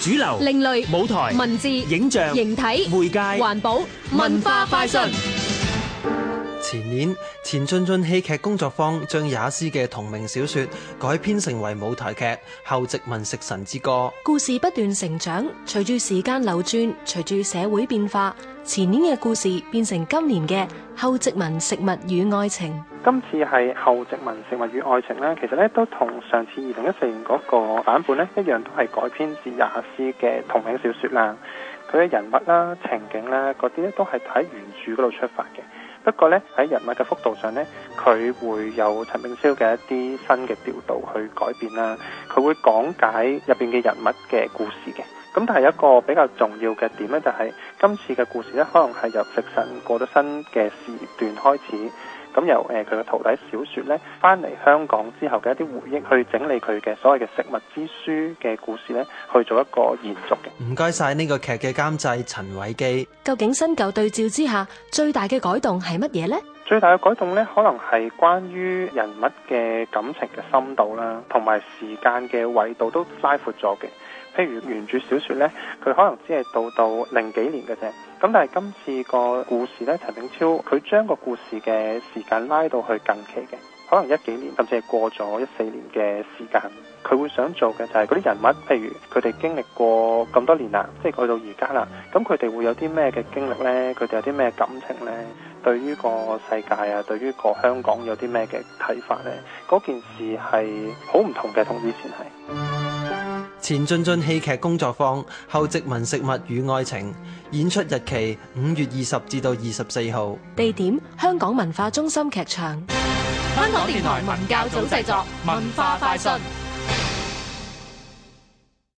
主流、另類、舞台、文字、影像、形體、媒介、環保、文化快訊。前年，前進進戲劇工作坊將也斯嘅同名小說改編成為舞台劇《後殖民食神之歌》。故事不斷成長，隨住時間流轉，隨住社會變化，前年嘅故事變成今年嘅《後殖民食物與愛情》。今次係《後殖民食物與愛情》啦。其實咧都同上次二零一四年嗰個版本咧一樣，都係改編自也斯嘅同名小說啦。佢嘅人物啦、情景啦嗰啲咧都係喺原著嗰度出發嘅。不過咧，喺人物嘅幅度上咧，佢會有陳炳超嘅一啲新嘅調度去改變啦。佢會講解入邊嘅人物嘅故事嘅。咁但係一個比較重要嘅點咧，就係，就係今次嘅故事咧，可能係由食神過咗新嘅時段開始。咁由誒，佢嘅徒弟小說咧，翻嚟香港之後嘅一啲回憶，去整理佢嘅所謂嘅食物之書嘅故事咧，去做一個延續嘅。唔該晒呢個劇嘅監製陳偉基。究竟新舊對照之下，最大嘅改動係乜嘢呢？最大嘅改動咧，可能係關於人物嘅感情嘅深度啦，同埋時間嘅維度都拉闊咗嘅。譬如原著小說咧，佢可能只係到到零幾年嘅啫。咁但係今次個故事呢，陳炳超佢將個故事嘅時間拉到去近期嘅，可能一幾年，甚至係過咗一四年嘅時間。佢會想做嘅就係嗰啲人物，譬如佢哋經歷過咁多年啦，即係去到而家啦，咁佢哋會有啲咩嘅經歷呢？佢哋有啲咩感情呢？對於個世界啊，對於個香港有啲咩嘅睇法呢？嗰件事係好唔同嘅，同之前係。前進進戲劇工作坊，後殖民食物與愛情演出日期五月二十至到二十四號，地點香港文化中心劇場。香港電台文教組製作，文化快訊。